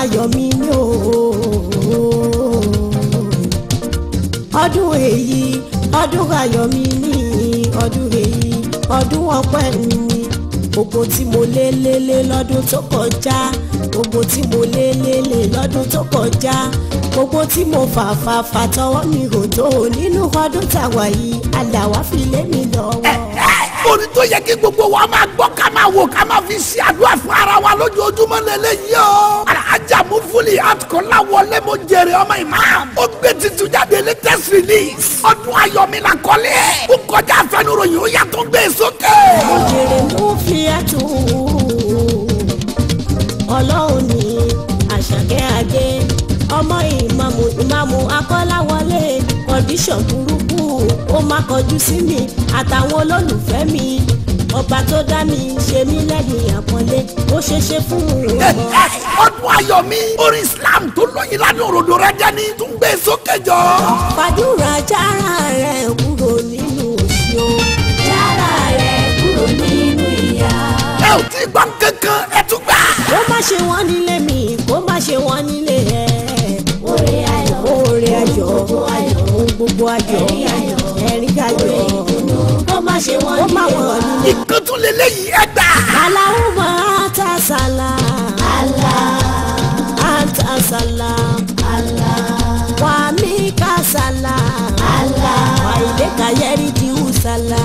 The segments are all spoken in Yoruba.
ayọ̀ mi ní ooo ọdún èyí ọdún ayọ̀ mi ní ọdún èyí ọdún ọpẹ́ mi gbogbo tí mo lé lélé lọ́dún tó kọjá gbogbo tí mo lé lélé lọ́dún tó kọjá gbogbo tí mo fà fà fà tọwọ́ mi ò tó nínú ọdún tàwa yìí àdàwà fi lé mi lọ́wọ́ orí tó yẹ kí gbogbo wa máa gbọ́ ká máa wò ká máa fi ṣe àdúrà fún ara wa lójoojúmọ́ lélẹ́yìí o. alhaja mufuli atukọ̀la wọlé mo jèrè ọmọ imam. ó gbé titun jáde latest release. ọdún ayọ̀mí la kọ́lé. ó kọjá àfẹnuròyìn ó yàtọ̀ gbé e sókè. mo jèrè mú fi àtò ọlọ́run ní àṣàkẹ́ adé ọmọ ìmàmù ìmàmù akọ́láwọlé kọ́ndíṣọ̀ burúkú kó má kọjú sí mi àtàwọn olólùfẹ́ mi ọba tó dá mi ṣe mí lẹ́yìn àpọ́nlé ó ṣe ṣe fún un. ọdún ayọ̀ mi orin Islam tó lóyin lánàá òròdó rẹ jẹ́ ní tún gbé e sókè jọ. fàdúrà jára rẹ̀ kúrò nínú òṣìó. jára rẹ̀ kúrò nínú ìyà. ẹ ò tí ì kankan ẹ tún gbà. kó má ṣe wọ́n nílé mi kó má ṣe wọ́n nílé ẹ̀. oore ayọ̀ oore ayọ̀ ohun gbogbo ayọ̀. ẹ̀rí ayọ̀ ṣe wọ́n ní ìwà. nǹkan tún lè léyìí ẹ gbà. aláwùmá àtàsálà. àlà. àtàsálà. àlà. wà mí kàsálà. àlà. wà ilé kàyẹ́rì ti hù sálà.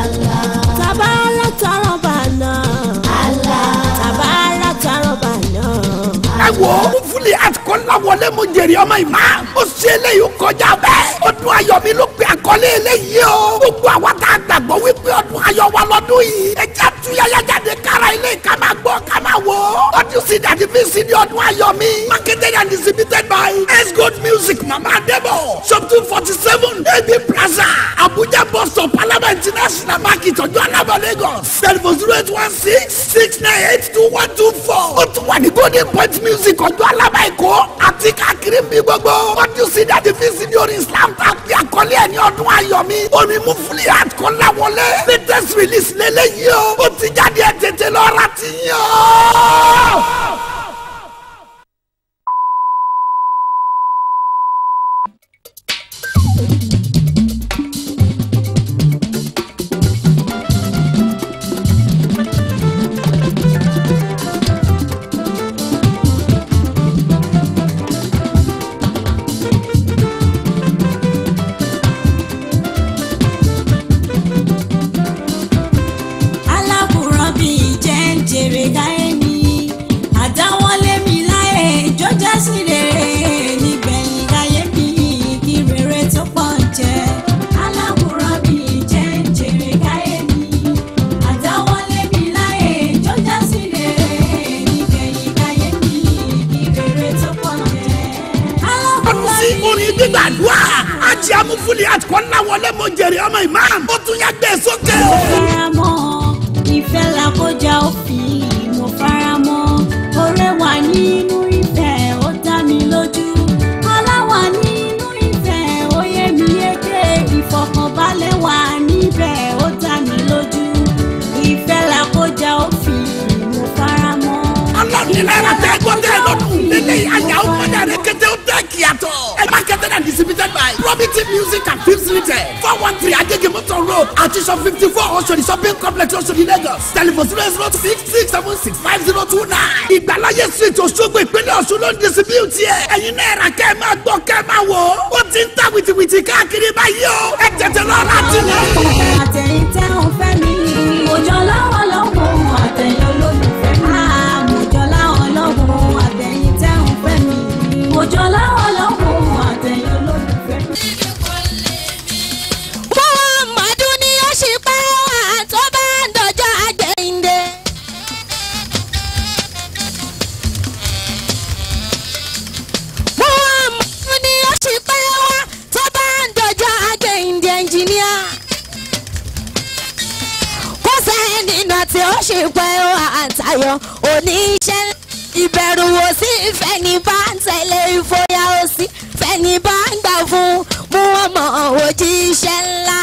àlà. tàbá látọ̀rọ̀ bàná. àlà. tàbá látọ̀rọ̀ bàná. ẹ wo fúlẹ̀ àtikọ́ lawọlé mo jèrè ọmọ ìmá. ó ṣe eléyìí kọjá bẹ́ẹ̀. ó dún ayọ̀ mi ló àkọlé eléyìí o. gbogbo àwa tá a gbàgbọ́ wípé ọdún ayọ̀ wa lọ́dún yìí. ẹ jẹ́ àtúnyẹyẹ jáde kára ilé ká máa gbọ́ ká máa wò. ọdún sí dàdí bí sí ní ọdún ayọ̀ mi. marketed and distributed by S Gold Music Mama Adebo shop two forty seven AB Plaza Abuja bus stop Alaba International Market Ọjọ́ Alaba Lagos telephone zero eight one six six nine eight two one two four. ó tún wà ní Golden Point Music Ọjọ́ Alaba Èkó àti káàkiri bí gbogbo. kọ́tíùsì jáde fi sí ní orí islam ta pé àkọlé ẹ̀ ní ọdún ayọ̀ mi. orin mufuli àkọlá wọlé. latest release lélẹ́yìí o. ó ti jáde ẹ̀ tètè lọ́ọ́ ra ti yàn. Fuliat Kọ́láwọlé mo jèrè ọmọ imam. ó tún yà gbé e sókè. mo fara mọ́ ìfẹ́ làkọjá òfin mo fara mọ́ ọ̀rẹ́ wà nínú ìfẹ́ ó dá mi lójú aláwà nínú ìfẹ́ ó yé mi yéké ìfọkànbalẹ̀ ó tẹ́ gbọ́dọ̀ lọ́dún distributed and distributed by Probity Music and Films Limited. four one three Ajegemoto Road Artisan 54, fifty four Oṣodi shopping complex Oṣodi Lagos. telephone zero zero six six seven six five zero two nine. Ìgbàláyé street Òṣogbo ìpínlẹ̀ Ọ̀ṣun ló ń distribute yẹ. Ẹ̀yin náà rà kẹ́ ẹ máa gbọ́ kẹ́ ẹ máa wò ó. Ó ti ń ta wìtìwìtì káàkiri báyìí o. Ẹ tètè lọ láti lọ. Àtẹ̀yìntẹ́ òfẹ́ mi, òjò lọ́wọ́. gómìnà tí ó ṣì pẹ́ ó àtayọ oníṣẹ́ ìbẹ̀rù wò sí fẹ́ni bá ń tẹ̀lé ìfòyà ó sí fẹ́ni bá ń gbà fún mú ọmọ òjíṣẹ́ ńlá.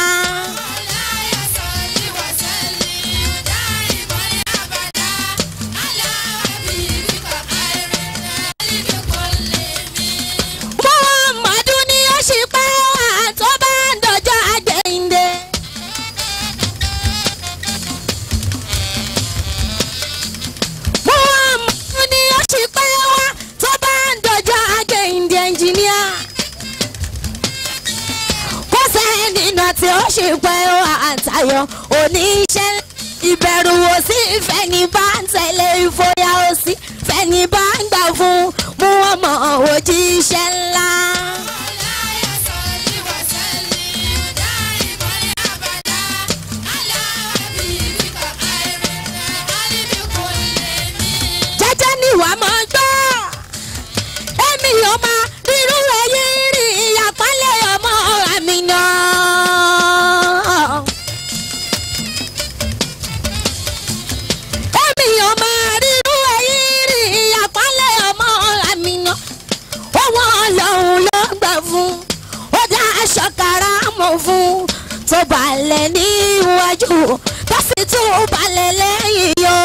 tí ó sì pẹ́ ó àtayọ̀ oníṣẹ́ ìbẹ̀rù wò sí fẹ́ni bá ń tẹ̀lé ìfòyà ó sí fẹ́ni bá ń gbà fún mú ọmọ òjíṣẹ́ ńlá. fún tó balẹ̀ níwájú tó sì tún balẹ̀ lẹ́yìn yọ.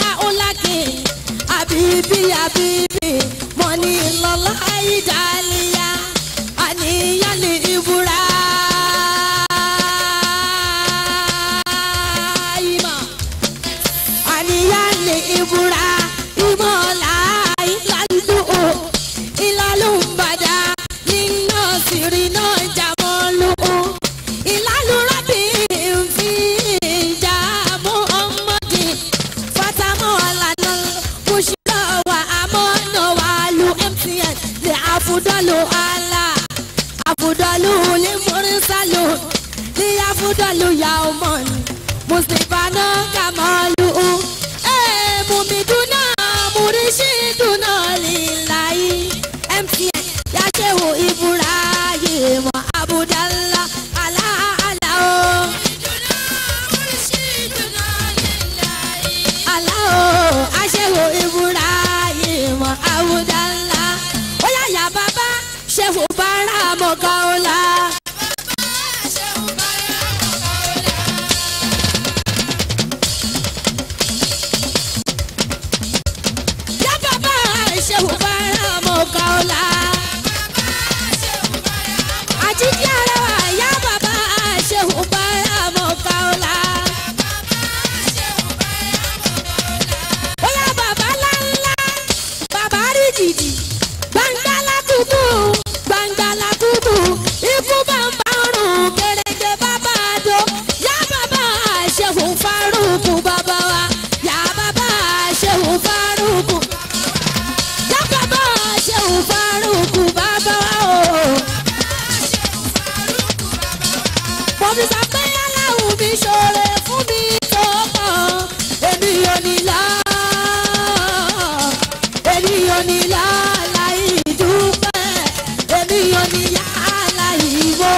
ọlá ọlágẹ̀ àbíbí àbíbí. Bye. fi sọ pé aláwọ̀ mi ṣoore fún mi tó kàn ènìyàn nílá ènìyàn nílá láì dúpẹ́ ènìyàn níyà láì wó.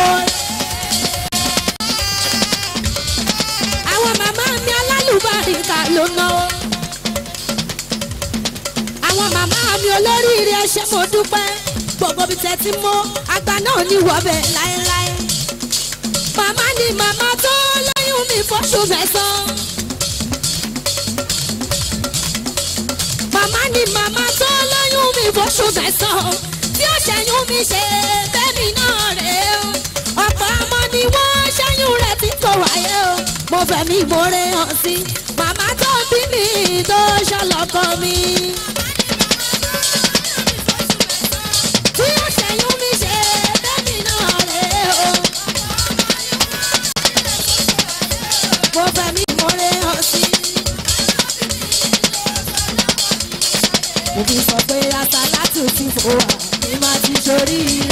àwọn màmá mi alálùbáríkà ló náwó àwọn màmá mi olóríire mo dúpẹ́ gbogbo bí tẹ́tí mọ́ àgbà náà ní wọ́bẹ̀ láéláé ni màmá tó lóyún mi fọ́ṣù fẹ̀sán. màmá ni màmá tó lóyún mi fọ́ṣù fẹ̀sán. tí ó ṣẹ́yún mi ṣe fẹ́mi náà rèé o. ọ̀pọ̀ ọmọ ni wọ́n ṣẹ́yún rẹ̀ tí kò wáyé o. mo fẹ̀mí ìmoore hàn sí màmá tó bí mi tó ṣọlọ́kọ mi. màmá mo sọ pé lásán látùtù fò wá ní má ti sórí.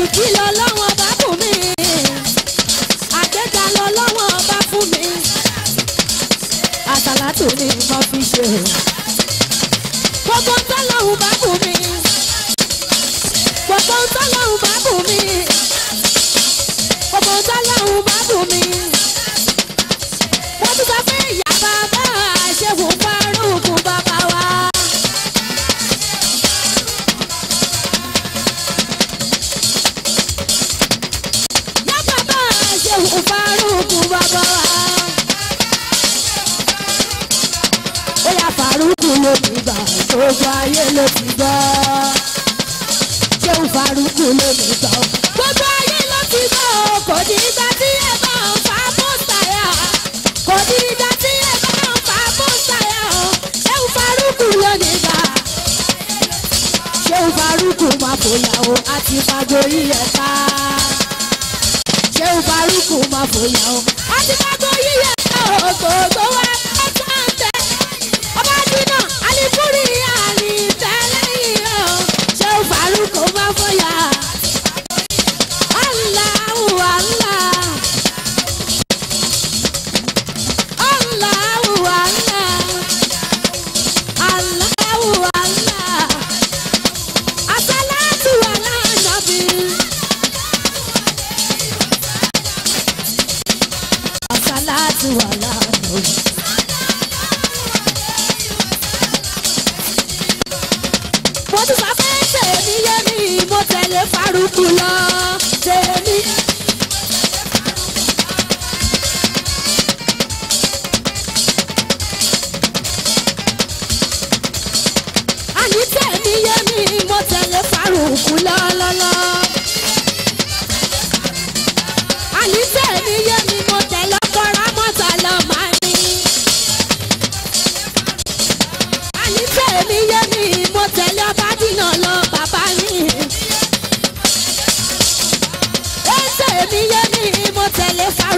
òkìkí lọ lọ́wọ́n bá fún mi àgbéga lọ lọ́wọ́n mi àtàlátò ni mo fi ṣe gbogbo tọ́lọ́hùn bá fún mi gbogbo tọ́lọ́hùn bá mi gbogbo tọ́lọ́hùn bá fún mi. Faruku ló ti gbà gbogbo ayé ló ti gbọ́. Ṣéun Faruku ló ti gbà gbogbo ayé ló ti gbọ́. Kò ní ìgbà tí ẹ bá ń fa bóńsáyà. Kò ní ìgbà tí ẹ bá ń fa bóńsáyà. Ṣéun Faruku ló ti gbà. Ṣéun Faruku máa fòyà o àti fagorí ẹ̀ ká. Ṣéun Faruku máa fòyà o àti fagorí ẹ̀ ká. Ògbógbó wá. ní kúrìyà ni.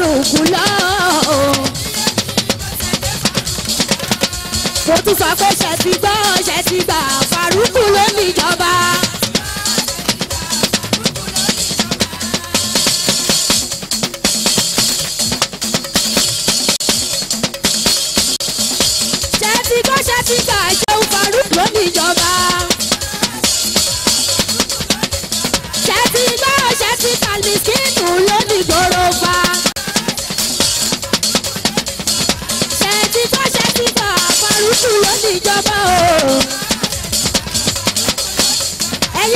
rògùn lọ. mo tún sọ pé ṣe ti gbọ́ ṣe ti gbà fàrúkù ló níjọba.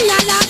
la la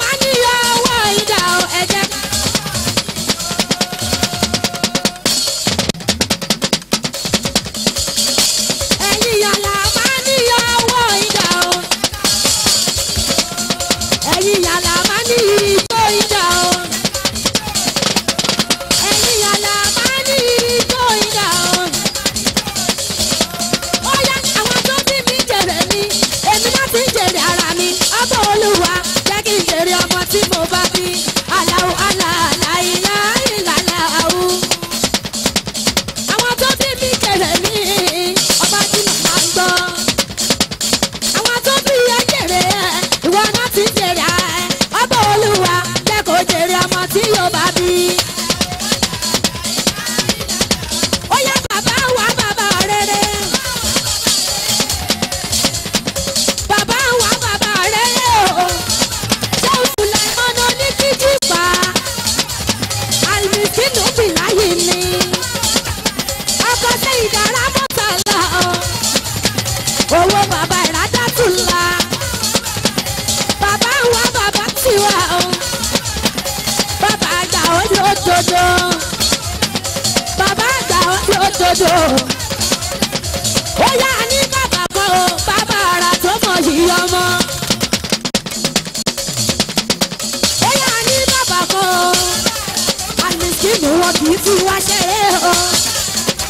wọn kì í fi wá ṣeré o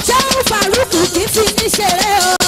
ṣé ń farúkù kì í fi ní ṣeré o.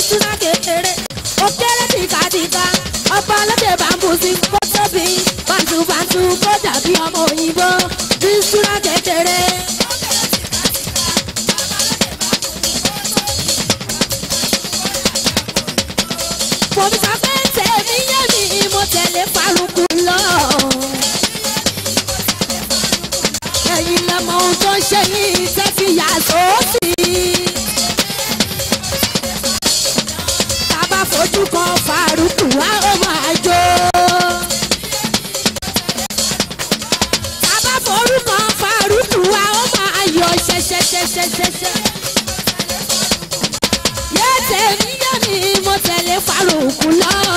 sísá kékeré òkèrè tìkàtìkà ọba lóde bambú sí kó tóbi bàtúbàtú kó dàbí ọmọ òyìnbó sísá kékeré. mo fi sọ pé tèmi mo tẹ̀lé Faruku lọ. kálukú náà.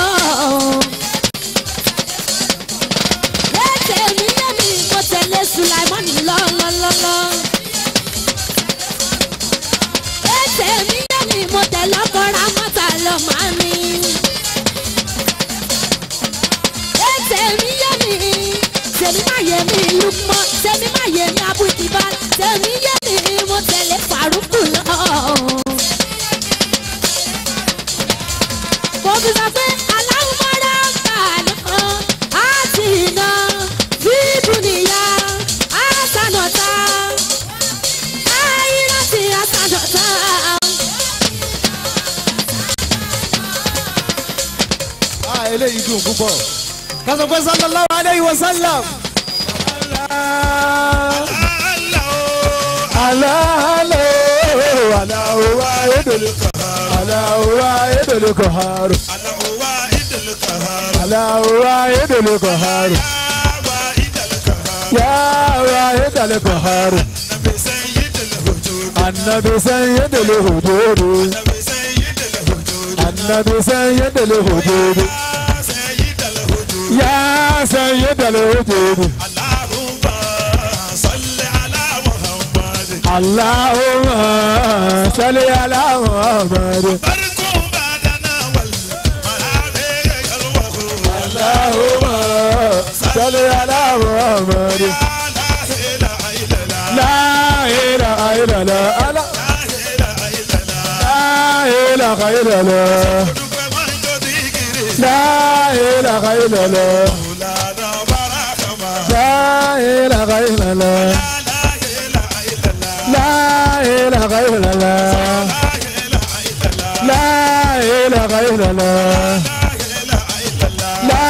eléyìí dùn púpọ̀ ká sọ pé sallallahu alayhi wa sallam. aláàlọ́ aláwọ̀ ayédèlúkọ̀ aláwọ̀ ayédèlúkọ̀ haro aláwọ̀ ayédèlúkọ̀ haro yàrá ayédèlúkọ̀ haro annabi sayyidul hudud annabi sayyidul hudud يا سيد الوجود اللهم صل على محمد اللهم صل على محمد اللهم صل على محمد لا اله الا الله لا اله الا الله لا اله الا الله لا إله إلا الله لا إله إلا الله لا إله إلا الله لا إله إلا الله لا إله إلا الله لا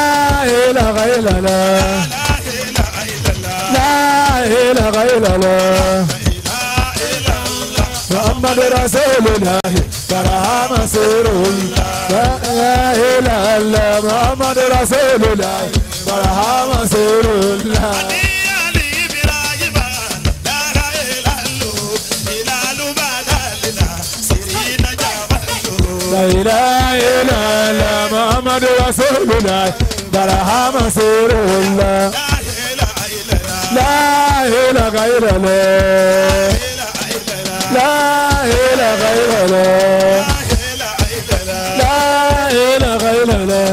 إله إلا الله لا إله إلا الله محمد رسول الله برهام سروي لا اله الا الله محمد رسول الله برهام سروي الله لا إله إلا الله محمد رسول الله برهام رسول الله لا إله إلا الله لا إله غيرنا لا إله غيرنا لا إله غيرنا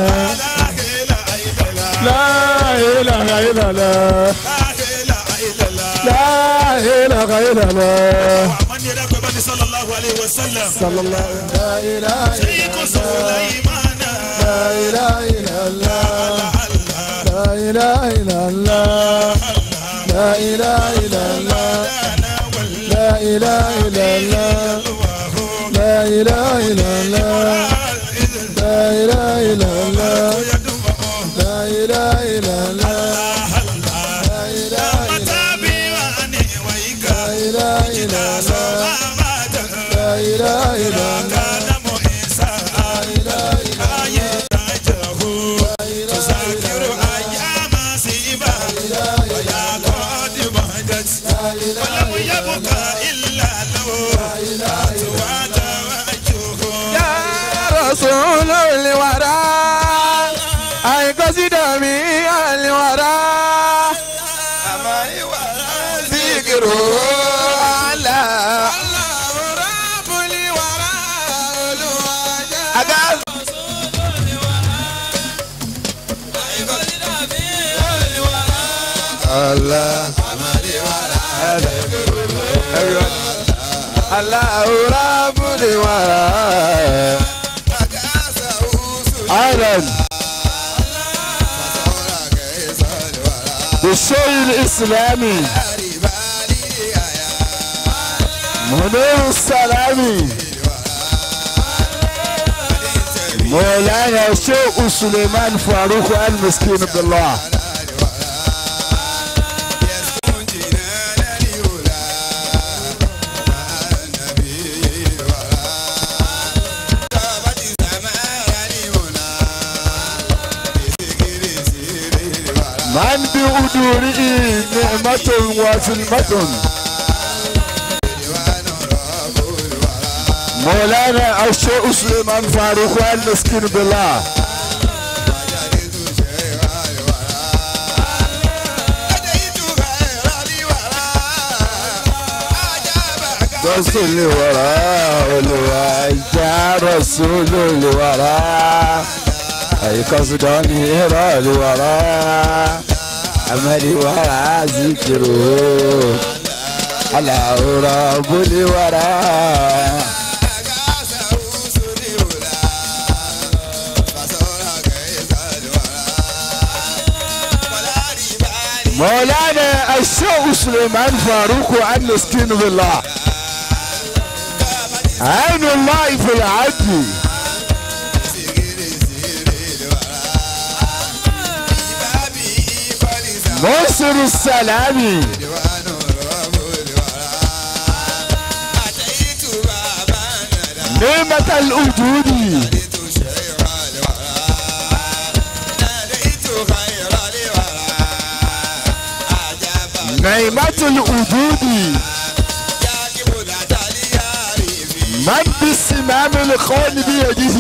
لا إله غيرنا صلى الله عليه وسلم صلى الله لا إله إلا الله لا إله إلا الله لا إله إلا الله لا إله إلا الله ilaha illallah la ilaha illallah. aláwòrán bùnì wà. Ireland. The soil Islami. Munir Salami. مولانا شيخ سليمان فاروق المسكين بالله بجوره نعمة وسلمة مولانا الشيخ سليمان فاروق المسكين بالله رسول الورى ولوجه رسول الورى أي قصدان هرى الورى عملي ورا ذكره على رب ورا مولانا الشيخ سليمان فاروق وعن سكين بالله عين الله في العدل مرسل السلامي نعمة الأجود نعمة الأجود من بالسمام الخالد بيده